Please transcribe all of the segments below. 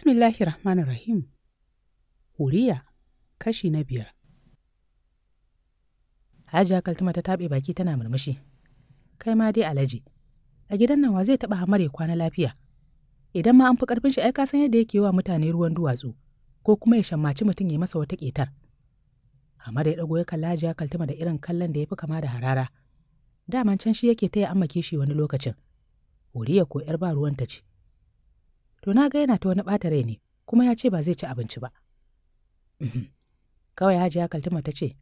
Bismillahir Rahmanir Rahim. Huriya, kashi na biyar. Hajiya Kaltuma ta taɓe baki tana murmushi. Kai ma dai alaji. A gidan nan wa zai taɓa ya kwana lafiya? Idan ma an fi ƙarfin shi ai ka san yadda yake wa mutane ruwan duwatsu ko kuma ya shammaci mutum ya masa wata ƙetar. Hamar ya ɗago ya kalla Hajiya Kaltuma da irin kallon da ya fi kama da harara. Daman can shi yake taya amma kishi wani lokacin. Huriya ko ‘yar ba ruwan ta ce. to na ga yana ta wani ɓata rai ne kuma ya ce ba zai ci abinci ba. Uhm, kawai ya Kaltuma ta ce,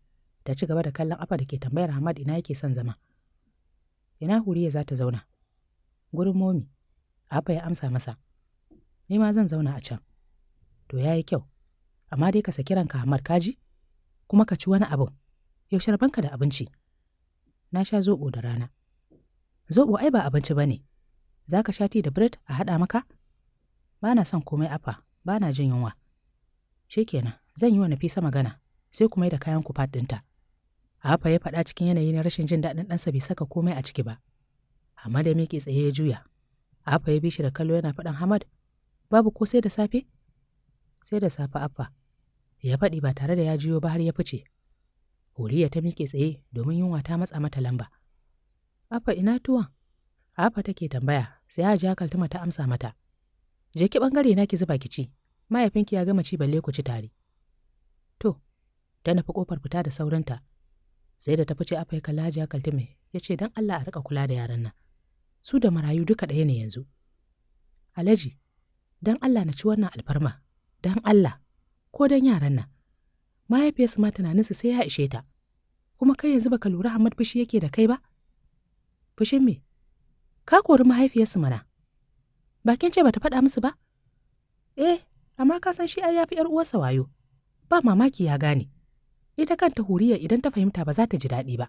ta ci gaba da kallon afa da ke tambayar Hamad ina yake son zama. Ina Huriya za ta zauna? Gurin momi, Afa ya amsa masa. Ni ma zan zauna a can. To ya yi kyau, amma dai ka saki ranka Hamad kaji, kuma ka ci wani abu. Yaushe rabanka da abinci. Na sha zoɓo da rana. Zoɓo ai ba abinci ba ne. Za ka sha ti da bread a haɗa maka? ba na son komai afa ba na jin yunwa shikenan zan yi wa nafisa magana sai kuma yi da kayan ku ɗinta afa ya faɗa cikin yanayi na rashin jin daɗin ɗansa bai saka komai a ciki ba amma ya miƙe tsaye ya juya afa ya bi shi da kallo yana faɗan hamad babu ko sai da safe sai da safe afa ya faɗi ba tare da ya jiyo ba har ya fice horiya ta miƙe tsaye domin yunwa ta matsa mata lamba afa ina tuwon afa take tambaya sai hajiya kaltuma ta amsa mata Je ki bangare na ki zuba ki ci. Mahaifinki ya gama ci balle ku ci tare. To, ta nufi kofar fita da saurinta. Sai da ta fice afai kalaji kaltume ya ce don Allah a rika kula da yaran nan. Su da marayu duka ɗaya ne yanzu. Alhaji, don Allah na ci wannan alfarma, don Allah, ko don yaran nan. Mahaifiyarsu ma tunaninsu sai ya ishe ta. Kuma kai yanzu baka lura Hamad fushi yake da kai ba? Fushin me? Ka kori mahaifiyarsu mana. Bakin ce bata faɗa musu ba? Eh, amma ka san shi ai yafi ‘yar uwarsa wayo. Ba mamaki ya gane. Ita kanta huriya idan ta fahimta ba za ta ji daɗi ba.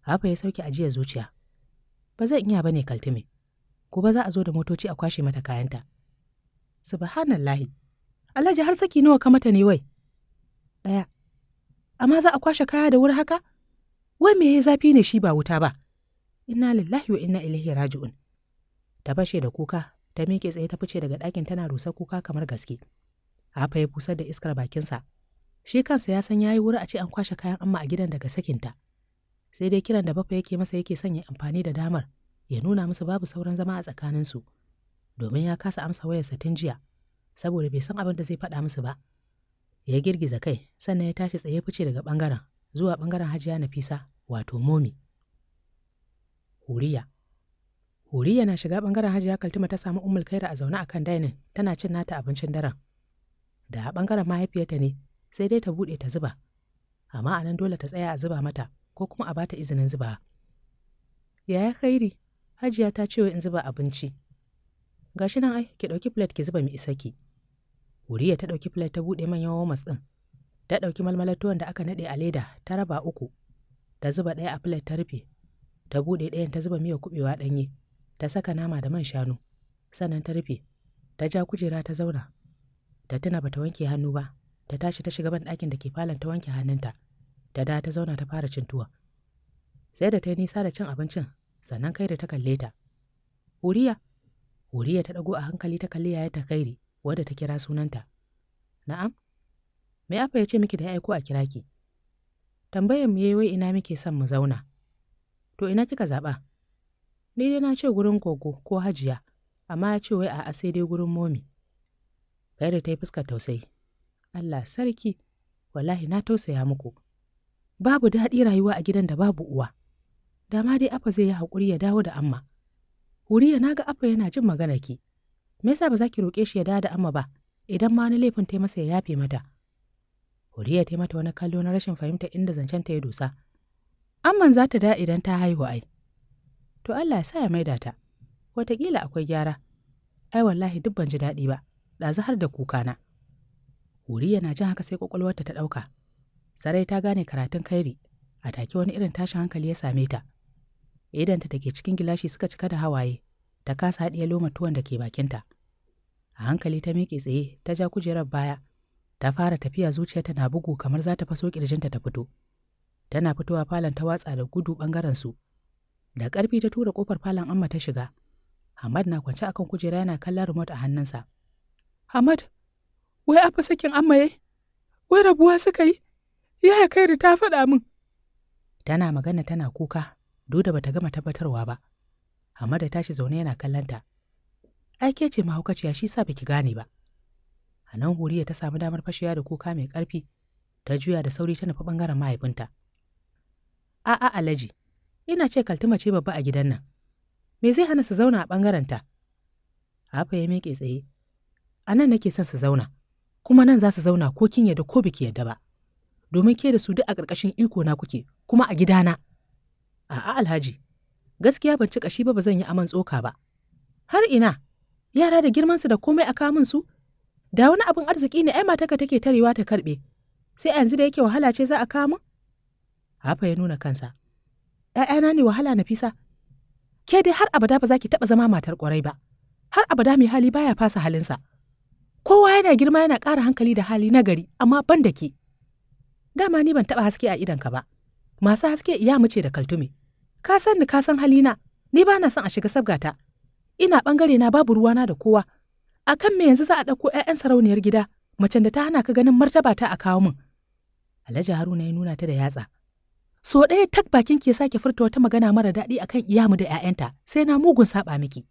Hafa ya sauke ajiyar zuciya. Ba zai iya ne kaltume. Gobe za a zo da motoci a kwashe mata kayanta. Subhanallahi. Alhaji har saki nawa ka mata ne wai? Ɗaya. Amma za a kwashe kaya da wuri haka? Wai me ya zafi ne shi ba wuta ba? Inna lillahi wa inna ilaihi raji'un. ta bashe da kuka ta miƙe tsaye ta fice daga ɗakin tana rusa kuka kamar gaske afa ya busar da iskar bakinsa shi kansa ya san ya yi wuri a ce an kwashe kayan amma a gidan daga sakinta sai dai kiran da bafa yake masa yake sanya amfani da damar ya nuna musu babu sauran zama a tsakaninsu domin ya kasa amsa wayarsa tun jiya saboda bai san abin da zai faɗa musu ba ya girgiza kai sannan ya tashi tsaye fice daga ɓangaren zuwa ɓangaren hajiya nafisa wato momi huriya Huriya na shiga bangaren Hajiya Kaltuma ta samu Ummul Kaira a zaune akan dainin tana cin nata abincin daren. Da a bangaren mahaifiyarta ne sai dai ta bude ta zuba. Amma anan dole ta tsaya a zuba mata ko kuma a bata izinin zuba. Yaya Khairi, Hajiya ta ce in zuba abinci. Gashi nan ai ki dauki plate ki zuba mi isaki. Huriya ta dauki plate ta bude manyan womas din. Ta dauki malmalatuwan da aka nade a leda ta raba uku. Ta zuba ɗaya a plate ta rufe. Ta bude ɗayan ta zuba miyar kubewa ɗanye. ta saka nama da man shanu sannan ta rufe ta ja kujera ta zauna ta tuna bata wanke hannu ba ta tashi ta shiga ban ɗakin da ke falon ta wanke hannunta ta da ta zauna ta fara cin tuwa sai da ta yi nisa da cin abincin sannan kai da ta kalle ta huriya huriya ta ɗago a hankali ta kalli yaya ta kairi wadda ta kira sunanta na'am me afa ya ce miki da ya aiko a kira ki tambayan mu yayi ina muke son mu zauna to ina kika zaɓa Ni dai na ce gurin gogo ko hajiya, amma ya ce wai a'a sai dai gurin momi. kai da ta yi fuskar tausayi. Allah sarki, wallahi na tausaya muku. Babu daɗi rayuwa a gidan da babu uwa. Dama dai Afa zai yi haƙuri ya dawo da Amma. Huriya na ga Afa yana jin magana ki. Me yasa ba za ki roƙe shi ya dawo da Amma ba, idan ma wani laifin ta masa ya yafe mata. Huriya ta mata wani kallo na rashin fahimta inda zancen ta ya dosa. Amman za ta da idan ta haihu ai. to Allah ya sa ya maida ta. Wataƙila akwai gyara. Ai wallahi duk ban ji daɗi ba, Da zahar da kuka na. Huriya na jin haka sai ƙwaƙwalwarta ta ɗauka. Sarai ta gane karatun kairi, a take wani irin tashin hankali ya same ta. Idanta da ke cikin gilashi suka cika da hawaye, ta kasa haɗiye loma tuwon da ke bakinta. A hankali ta miƙe tsaye, ta ja kujerar baya, ta fara tafiya zuciyarta na bugu kamar za ta faso ƙirjinta ta fito. Tana fitowa falon ta watsa da gudu ɓangaren su, Da ƙarfi ta tura ƙofar falon amma ta shiga. Hamad na kwance akan kujera yana kallon remote a hannunsa. Hamad, wai afa sakin amma yai? Wai rabuwa suka yi? Yaya kai da ta faɗa min. Tana magana tana kuka, duk da bata gama tabbatarwa ba. Hamad da tashi zaune yana kallonta. ke ce mahaukaciya shi sa baki gane ba. A nan huriya ta samu damar fashiya da kuka mai ƙarfi, ta juya da sauri ta nufi ɓangaren mahaifinta. A'a alaji, Ina ce kaltuma ce babba a gidan nan. Me zai hana su zauna a ɓangarenta? Hafa ya miƙe tsaye. A nan nake son su zauna, kuma nan za su zauna ko kin yadda ko biki yadda ba. Domin ke da su duk a ƙarƙashin iko na kuke, kuma a gidana. A'a Alhaji, gaskiya ban ci ƙashi ba ba zan yi aman tsoka ba. Har ina, yara da girman su da komai a kamun su? Da wani abin arziki ne ai mataka take tarewa ta karɓe, sai a yanzu da yake wahala ce za a kamu Hafa ya nuna kansa. ‘ya'yana ne wahala na fisa. ke dai har abada ba za ki taɓa zama matar ƙwarai ba, har abada mai hali baya fasa halinsa. Kowa yana girma yana ƙara hankali da hali na gari, amma ban da ke. Dama ni ban taɓa haske a idonka ba, masu haske iya mace da kaltume. Ka san ni ka san halina, ni ba na son a shiga sabgata. Ina ɓangare na babu ruwana da kowa. A kan me yanzu za a ɗauko ‘ya'yan sarauniyar gida, macen da ta hana ka ganin martaba ta a kawo min. Alhaji Haruna ya nuna ta da yatsa. So ɗaya tak bakin ke sake furta wata magana mara daɗi akan iyamu da 'ya'yanta sai na mugun saɓa miki.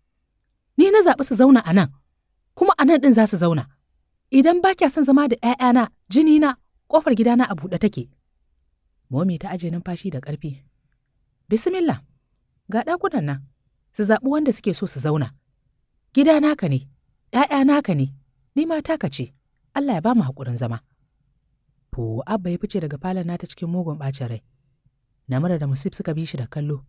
Ni na zaɓi su zauna a nan, kuma a nan ɗin za su zauna. Idan ba kya son zama da 'ya'yana, jinina, ƙofar gidana a buɗe take. Momi ta aje numfashi da ƙarfi. Bismillah, ga ɗakunan nan, su zaɓi wanda suke so su zauna. Gida naka ne, ‘ya'ya naka ne, ni ma taka ce, Allah ya ba mu haƙurin zama. To, Abba ya fice daga falon nata cikin mugun ɓacin rai. Namura da Musib suka bi shi da kallo.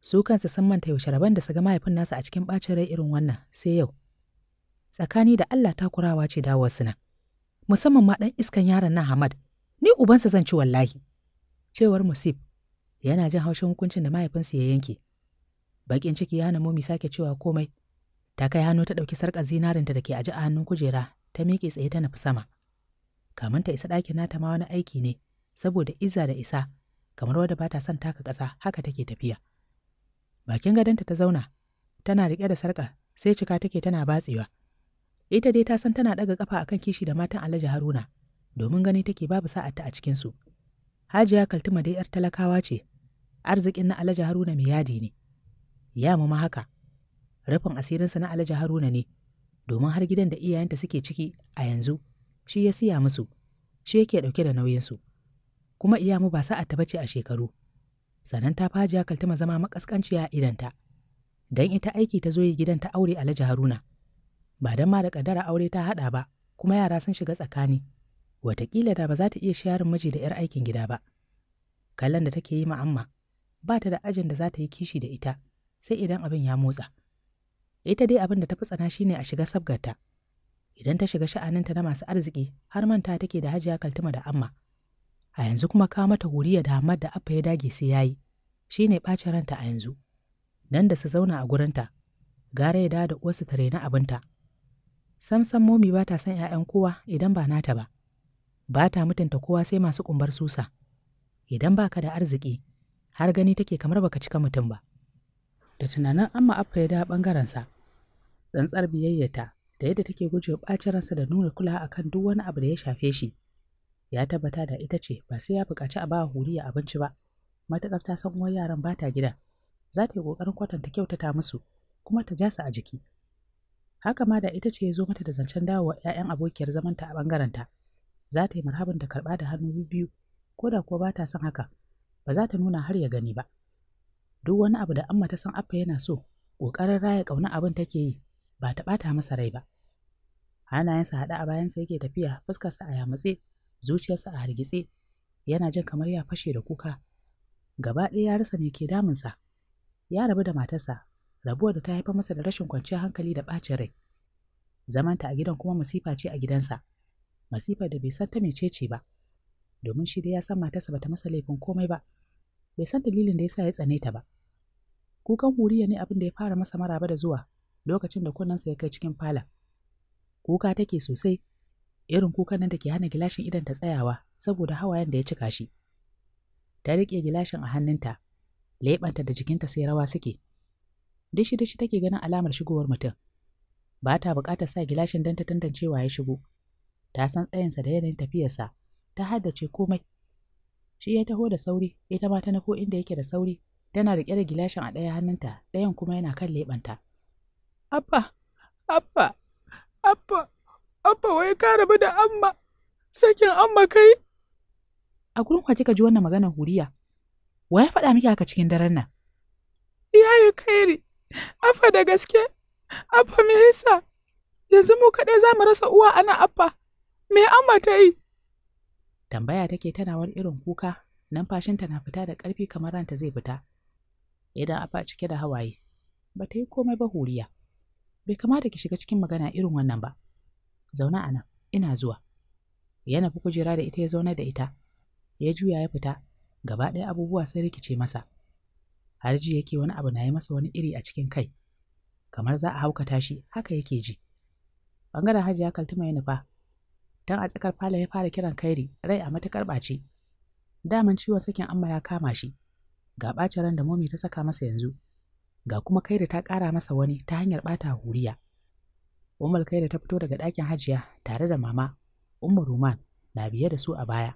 Su kansa sun manta yaushe rabon da su ga mahaifin nasa a cikin ɓacin rai irin wannan sai yau. Tsakani da Allah takurawa ce dawo suna. Musamman ma ɗan iskan yaron na Hamad, ni ubansa zan ci wallahi. Cewar Musib yana jin haushin hukuncin da mahaifinsa ya yanke. Baƙin ciki ya namo Momi sake cewa komai. Ta kai hannu ta ɗauki sarƙar zinarinta da ke aji a hannun kujera ta miƙe tsaye ta nufi sama. Kamin ta isa ɗakin nata ma wani aiki ne, saboda iza da isa, kamar wadda ba ta son taka ƙasa haka take tafiya. Bakin gadonta ta zauna, tana riƙe da sarƙa sai cika take tana batsewa. Ita dai ta san tana ɗaga ƙafa akan kishi da matan Alhaji Haruna, domin gani take babu sa'atta a cikinsu. Hajiya Kaltuma dai ‘yar talakawa ce, arzikin na Alhaji Haruna mai yadi ne. Ya mu ma haka, rufin asirinsa na Alhaji Haruna ne, domin har gidan da iyayenta suke ciki a yanzu, shi ya siya musu, shi yake ɗauke da nauyinsu. kuma iyamu ba sa'a ta bace a shekaru sannan ta fajiya kaltuma zama makaskanciya a idanta dan ita aiki ta zo yi gidan ta aure Alhaji Haruna ba dan ma da kaddara aure ta haɗa ba kuma yara sun shiga tsakani Wataƙila da ba za ta iya sharin miji da 'yar aikin gida ba kallon da take yi ma'amma ba ta da ajin da za ta yi kishi da ita sai idan abin ya motsa ita dai abin da ta fi tsana shine a shiga sabgarta idan ta shiga sha'aninta na masu arziki har manta take da hajiya kaltuma da amma a yanzu kuma ka mata huriya da hamar da Abba ya dage sai yayi shi ne ɓacin ranta a yanzu Nan da su zauna a gurinta gara ya dawo da abin ta rena abinta samsam momi ba ta son 'ya'yan kowa idan ba nata ba ba ta mutunta kowa sai masu kumbar susa idan ba ka da arziki har gani take kamar baka cika mutum ba da tunanin amma Abba ya da ɓangarensa tsantsar biyayyata da yadda take guje ɓacin ransa da nuna kula akan duk wani abu da ya shafe shi ya tabbata da ita ce ba sai ya buƙaci a ba huriya abinci ba matuƙar ta san uwar yaran ba ta gida za ta yi ƙoƙarin kwatanta kyautata musu kuma ta jasa a jiki haka ma da ita ce ya zo mata da zancen dawowa 'ya'yan abokiyar zamanta a ɓangarenta za ta yi marhabin da karɓa da hannu biyu ko da kuwa ba ta son haka ba za ta nuna har ya gani ba duk wani abu da amma ta san affa yana so ƙoƙarin raya ƙauna abin take yi ba ta ɓata masa rai ba hannayensa haɗe a bayansa yake tafiya fuskarsa a yamutse zuciyarsa a hargitse yana jin kamar ya fashe da kuka gaba ɗaya ya rasa me ke damunsa ya rabu da matarsa rabuwar da ta haifa masa da rashin kwanciyar hankali da ɓacin rai zamanta a gidan kuma masifa ce a gidansa masifar da bai san ta mecece ba domin shi dai ya san matarsa bata masa laifin komai ba bai san dalilin da ya sa ya tsane ta ba kukan huriya ne abin da ya fara masa maraba da zuwa lokacin da kunnensa ya kai cikin falon kuka take sosai irin kukan nan da ke hana gilashin idan ta tsayawa saboda hawayen da ya cika shi. Ta riƙe gilashin a hannunta, leɓanta da jikinta sai rawa suke. Dishi-dishi take ganin alamar shigowar mutum. Ba ta buƙatar sa gilashin don ta tantancewa ya shigo. Ta san tsayinsa da yanayin tafiyarsa, ta haddace komai. Shi ya taho da sauri, ita ma ta nufo inda yake da sauri, tana riƙe da gilashin a ɗaya hannunta, ɗayan kuma yana kan leɓanta. Abba, Abba, ba wai ka rabu da amma, sakin amma kai. A gurin kwa kika ji wannan magana huriya, wa ya faɗa miki haka cikin daren nan? Ya yi kairi, afa da gaske, afa me yasa? Yanzu mu kaɗai za mu rasa uwa ana afa, me amma ta yi? Tambaya take tana wani irin kuka, numfashinta na fita da ƙarfi kamar ranta zai fita. Idan afa cike da hawaye, ba ta yi komai ba huriya. Bai kamata ki shiga cikin magana irin wannan ba. zauna a nan ina zuwa ya nufi kujera da ita ya zauna da ita ya juya ya fita gaba ɗaya abubuwa sai rikice masa har ji yake wani abu na yi masa wani iri a cikin kai kamar za a haukata shi haka yake ji bangaren ya kalti mai nufa don a tsakar falon ya fara kiran kairi rai a matukar ɓace daman ciwon sakin amma ya kama shi ga ɓacin ran da momi ta saka masa yanzu ga kuma kai da ta ƙara masa wani ta hanyar ɓata huriya Ummul kaida ta fito daga ɗakin hajiya tare da mama, Ummu Ruman na biye da su a baya.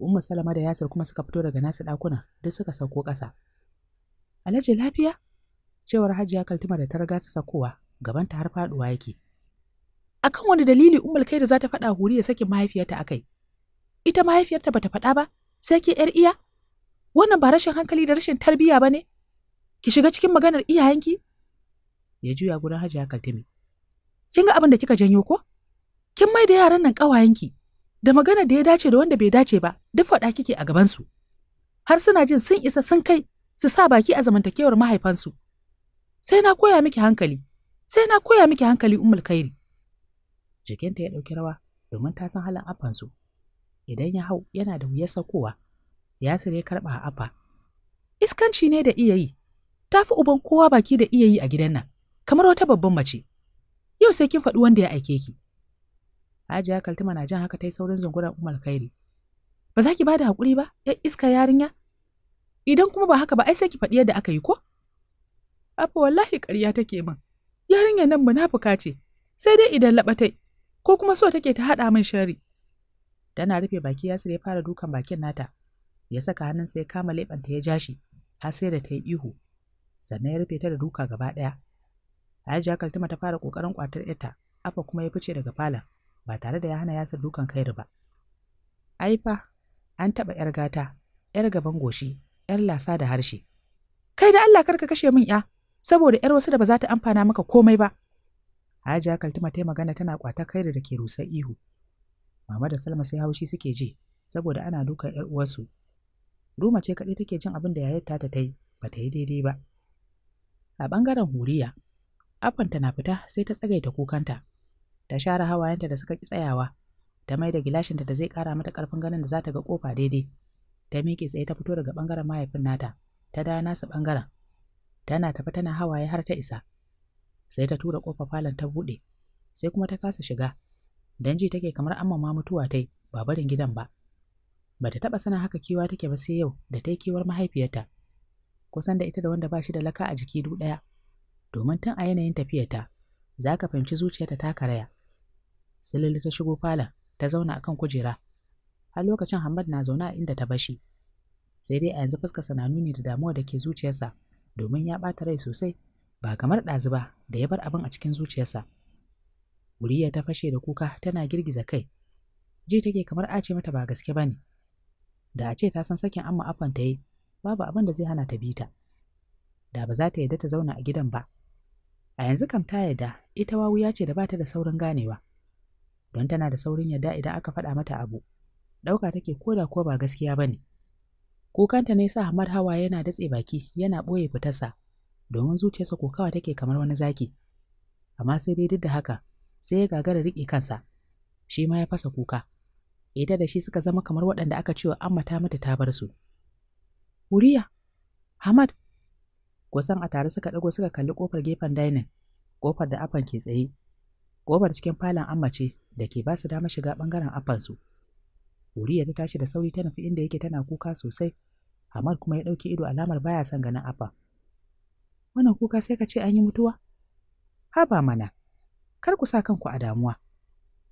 Ummu Salama da Yasir kuma suka fito daga nasu ɗakuna duk suka sauko ƙasa. Alhaji lafiya? Cewar hajiya Kaltuma da ta riga su sakowa ta har faɗuwa yake. Akan wani dalili Ummul kaida za ta faɗa huri ya sakin mahaifiyarta a kai. Ita mahaifiyarta bata faɗa ba, sai ke ‘yar iya? Wannan ba rashin hankali da rashin tarbiyya ba ne? Ki shiga cikin maganar iyayenki? Ya juya gurin hajiya Kaltumi. kin ga abin da kika janyo ko kin mai da yaran nan ƙawayenki da magana da ya dace da wanda bai dace ba duk faɗa kike a gaban su har suna jin sun isa sun kai su sa baki a zamantakewar mahaifansu sai na koya miki hankali sai na koya miki hankali ummul kairi jikinta ya ɗauki rawa domin ta san halin affansu. idan ya hau yana da wuyar saukowa yasir ya karɓa abba iskanci ne da iya yi ta fi uban kowa baki da iya yi a gidan nan kamar wata babban mace yau sai kin faɗi wanda ya aike ki. Hajiya Kaltuma na jin haka ta yi saurin zunguran Umar Kairi. Ba za ki ba da haƙuri ba, ya iska yarinya? Idan kuma ba haka ba, ai sai ki faɗi yadda aka yi ko? Afa wallahi ƙarya take min. yarinya nan munafuka ce, sai dai idan laɓatai, ko kuma so take ta haɗa min shari. Tana rufe baki ya ya fara dukan bakin nata, ya saka hannun sai kama leɓanta ya ja shi, har sai da ta yi ihu, sannan ya rufe ta da duka gaba ɗaya. Hajiya Kaltuma ta fara kokarin ƙwatar ita, Afa kuma ya fice daga falon, ba tare da ya hana yasa dukan kairi ba. Ai fa, an taɓa 'yar gata, 'yar gaban goshi, 'yar lasa da harshe. Kai da Allah karka kashe min 'ya, saboda 'yar wasu da ba za ta amfana maka komai ba. Hajiya Kaltuma ta magana tana kwata kairi da ke rusar ihu. Mama da Salma sai haushi suke ji, saboda ana dukan 'yar uwarsu. Ruma ce kaɗai take jin abin da yayarta ta ta yi, ba ta yi daidai ba. A ɓangaren huriya, Afanta na fita sai ta tsagaita kukanta. Ta share hawayenta da suka ki tsayawa, ta mai da gilashinta da zai kara mata ƙarfin ganin da za ta ga kofa daidai. Ta miƙe tsaye ta fito daga ɓangaren mahaifin nata, ta da nasa bangaren Tana tafi tana hawaye har ta isa. Sai ta tura ƙofar falon ta buɗe, sai kuma ta kasa shiga. Dan ji take kamar amma ma mutuwa tai, ba barin gidan ba. Bata taɓa sana haka kiwa take ba sai yau da ta yi kewar mahaifiyarta. Kusan da ita da wanda ba shi da laka a jiki du ɗaya. domin tun a yanayin tafiyarta za ka fahimci zuciyarta ta karaya. Silili ta shigo falon ta zauna akan kujera. Har lokacin Hamad na zaune a inda ta bashi. Sai dai a yanzu fuskarsa na nuni da damuwa da ke zuciyarsa domin ya ɓata rai sosai ba kamar ɗazu ba da ya bar abin a cikin zuciyarsa. Uriya ta fashe da kuka tana girgiza kai. Ji take kamar a ce mata ba gaske ba ne. Da a ce ta san sakin amma afan ta yi, babu abin da zai hana ta bita. Da ba za ta yarda ta zauna a gidan ba, a yanzu kam ta yarda ita wawuya ce da bata da saurin ganewa don tana da saurin yarda idan aka faɗa mata abu ɗauka take ko da ko ba gaskiya ba ne kukanta ne sa hamad hawa yana datse baki yana ɓoye fitarsa domin zuciyarsa kokawa take kamar wani zaki amma sai dai duk da haka sai ya gagara riƙe kansa shi ma ya fasa kuka ita da shi suka zama kamar waɗanda aka cewa Amma ta mata ta bar su Huriya, Hamad, Kusan a tare suka ɗago suka kalli ƙofar gefen dainin, ƙofar da afan ke tsaye. Ƙofar cikin falon ammace da ke ba su dama shiga ɓangaren afansu. Uriya ta tashi da sauri ta nufi inda yake tana kuka sosai, amar kuma ya ɗauki ido alamar baya son ganin afa. Wannan kuka sai ka ce an yi mutuwa? Haba mana, kar ku sa kanku a damuwa.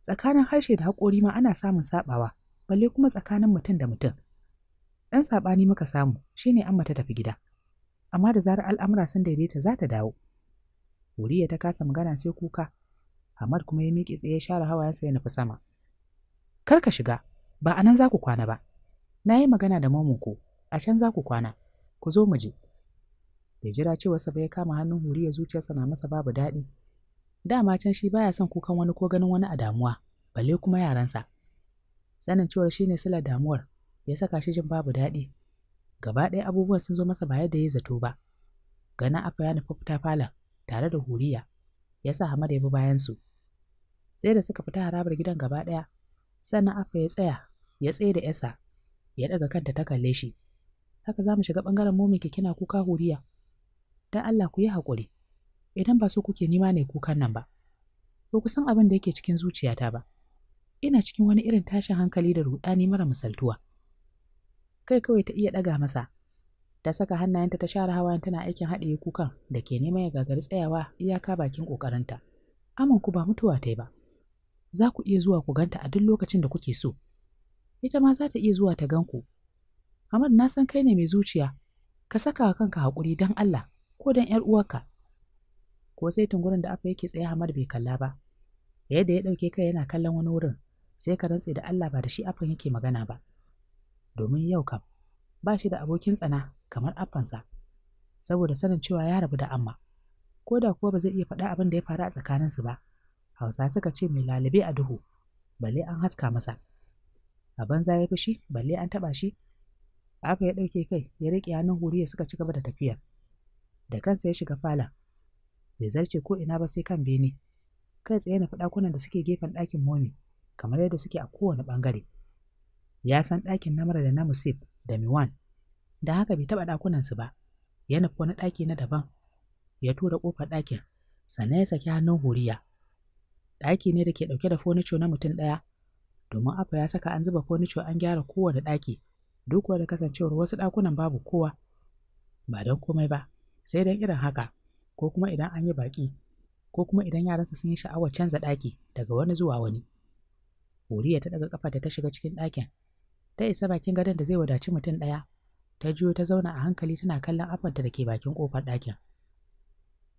Tsakanin harshe da haƙori ma ana samun saɓawa, balle kuma tsakanin mutum da mutum. Ɗan saɓani muka samu, shine ne amma ta tafi gida. amma da zarar al'amura sun daidaita za ta dawo. Wuriya ta kasa magana sai kuka, hamad kuma ya miƙe tsaye ya share hawayensa ya nufi sama. Kar ka shiga, ba a nan za ku kwana ba. Na yi magana da mamanku, a can za ku kwana, ku zo mu je. Bai jira sa ba ya kama hannun Huriya zuciyarsa na masa babu daɗi. Dama can shi baya son kukan wani ko ganin wani a damuwa, balle kuma yaransa. Sanin cewa shi ne silar damuwar, ya saka shi jin babu daɗi, gaba ɗaya abubuwan sun zo masa ba yadda ya zato ba gana afa ya nufa fita falon tare da huriya ya sa hamada ya bi bayan su sai da suka fita harabar gidan gaba ɗaya sannan afa ya tsaya ya tsaye da yasa ya daga kanta ta kalle shi haka za mu shiga ɓangaren mu mai kina kuka huriya dan Allah ku yi haƙuri idan ba so kuke nima ne kukan nan ba ba ku san abin da yake cikin zuciyata ba ina cikin wani irin tashin hankali da rudani mara misaltuwa kai kawai ta iya ɗaga masa ta saka hannayenta ta share hawayen tana aikin haɗiye kukan da ke neman ya gagari tsayawa iyaka bakin ƙoƙarinta aman ku ba mutuwa ta ba za ku iya zuwa ku ganta a duk lokacin da kuke so ita ma za ta iya zuwa ta gan ku Ahmad na san kai ne mai zuciya ka saka wa kanka haƙuri don Allah ko don ‘yar uwarka ko sai tungurin da afa yake tsaye hamad bai kalla ba yadda ya ɗauke kai yana kallon wani wurin sai ka rantse da Allah ba da shi afan yake magana ba. domin yau kam ba shi da abokin tsana kamar affansa saboda sanin cewa ya rabu da amma ko da kuwa ba zai iya faɗa abin da ya faru a tsakaninsu ba hausa suka ce mai lalube a duhu balle an haska masa a banza ya fushi balle an taɓa shi aka ya ɗauke kai ya riƙe hannun huriya suka ci gaba da tafiya da kansa ya shiga fala bai zarce ko ina ba sai kan bene kai tsaye na faɗakunan da suke gefen ɗakin momi kamar yadda suke a kowane ɓangare. ya san ɗakin namara da na musib da miwan da haka bai taɓa ɗakunansu ba ya nufi wani ɗaki na daban ya tura ƙofar ɗakin sannan ya saki hannun huriya ɗaki ne da ke ɗauke da fonicho na mutum ɗaya domin afa ya saka an zuba fonico an gyara kowane ɗaki duk wanda kasancewar wasu ɗakunan babu kowa ba don komai ba sai don irin haka ko kuma idan an yi baƙi ko kuma idan yaransa sun yi sha'awar canza ɗaki daga wani zuwa wani huriya ta ɗaga ƙafa ta shiga cikin ɗakin ta isa bakin gadon da zai wadaci mutum ɗaya ta juyo ta zauna a hankali tana kallon afanta da ke bakin kofar ɗakin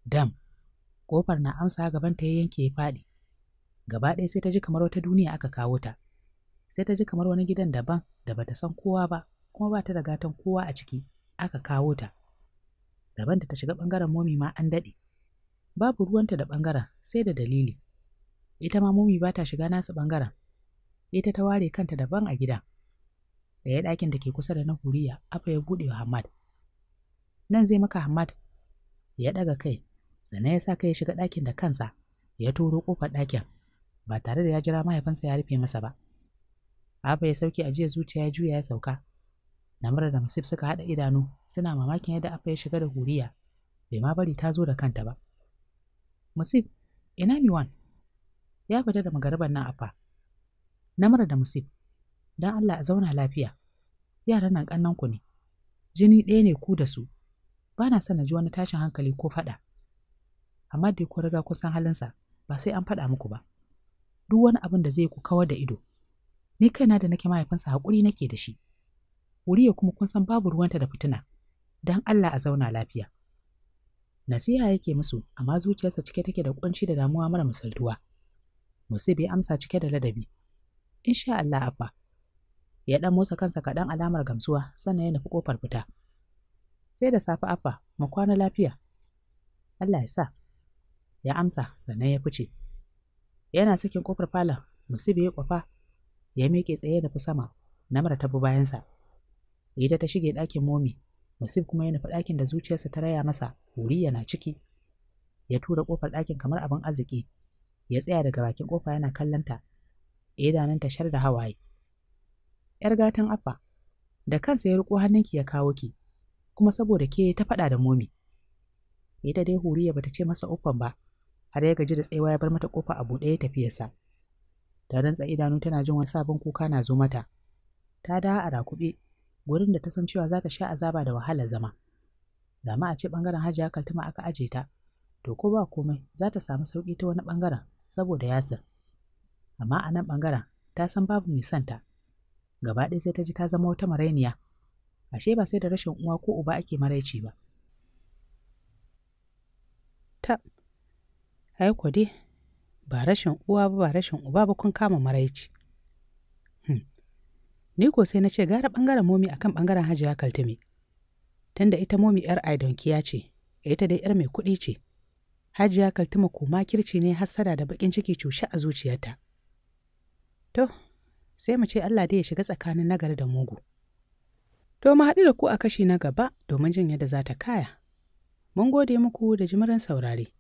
dam Kofar na amsa gaban ta ya yanke ya faɗi gaba ɗaya sai ta ji kamar wata duniya aka kawo ta sai ta ji kamar wani gidan daban da bata san kowa ba kuma ba ta da gatan kowa a ciki aka kawo ta daban da ta shiga ɓangaren momi ma an daɗe babu ruwanta da ɓangaren sai da dalili ita ma momi ba ta shiga nasu ɓangaren ita ta ware kanta daban a gidan da ya ɗakin da ke kusa da na huriya afa ya buɗe wa hamad nan zai maka hamad ya ɗaga kai sannan ya sa kai ya shiga ɗakin da kansa ya turo ƙofar ɗakin ba tare da ya jira mahaifinsa ya rufe masa ba afa ya sauke ajiya zuciya ya juya ya sauka namar da masif suka haɗa idanu suna mamakin yadda afa ya shiga da huriya bai ma bari ta zo da kanta ba masif ina miwan ya fita da magariban nan afa namura da masif don Allah a zauna lafiya yaran nan kannan ku ne jini ɗaya ne ku da su ba na son na ji wani tashin hankali ko faɗa amma da ku riga kusan halinsa ba sai an faɗa muku ba duk wani abin da zai ku kawar da ido ni kaina da nake mahaifinsa haƙuri nake da shi wuriya kuma kun san babu ruwanta da fitina don Allah a zauna lafiya nasiha yake musu amma zuciyarsa cike take da kunci da damuwa mara misaltuwa musu bai amsa cike da ladabi insha Allah abba ya ɗan motsa kansa kaɗan alamar gamsuwa sannan ya nufi ƙofar fita. Sai da safe afa mu kwana lafiya. Allah ya sa. Ya amsa sannan ya fice. Yana sakin kofar falon musibi ya kwafa ya miƙe tsaye da sama na ta bi bayansa. Ita ta shige ɗakin momi musib kuma ya nufi ɗakin da zuciyarsa ta raya masa wuri yana ciki. Ya tura kofar ɗakin kamar abin arziki ya tsaya daga bakin kofa yana kallonta. Idanunta shar da hawaye. ‘yar gatan affa, da kansa ya riƙo hannunki ya kawo ki, kuma saboda ke ta faɗa da momi. ta dai huriya bata ce masa uffan ba, har ya gaji da tsayawa ya bar mata kofa a buɗe ya tafi yasa. Ta rantsa idanu tana jin wani sabon kuka na zo mata. Ta da a rakuɓe, gurin da ta san cewa za ta sha azaba da wahala zama. Da a ce ɓangaren hajiya kaltuma aka aje ta, to ko ba komai za ta samu sauƙi ta wani ɓangaren saboda yasir. Amma a nan ɓangaren ta san babu mai santa, gaba ɗaya sai ta ji ta zama wata marainiya ashe ba sai da rashin uwa ko uba ake maraici ba ta ai dai ba rashin uwa ba ba rashin uba ba kun kama maraici hmm. ni ko sai na ce gara ɓangaren momi akan ɓangaren hajiya kaltume tunda ita momi yar aidonkiya ce ita dai yar mai kuɗi ce hajiya kaltuma ko kirci ne hassada da baƙin ciki cushe a zuciyarta to sai mu ce Allah dai ya shiga tsakanin nagari da mugu. To mu haɗu da ku a kashi na gaba domin jin yadda za ta kaya. Mun gode muku da jimirin saurare.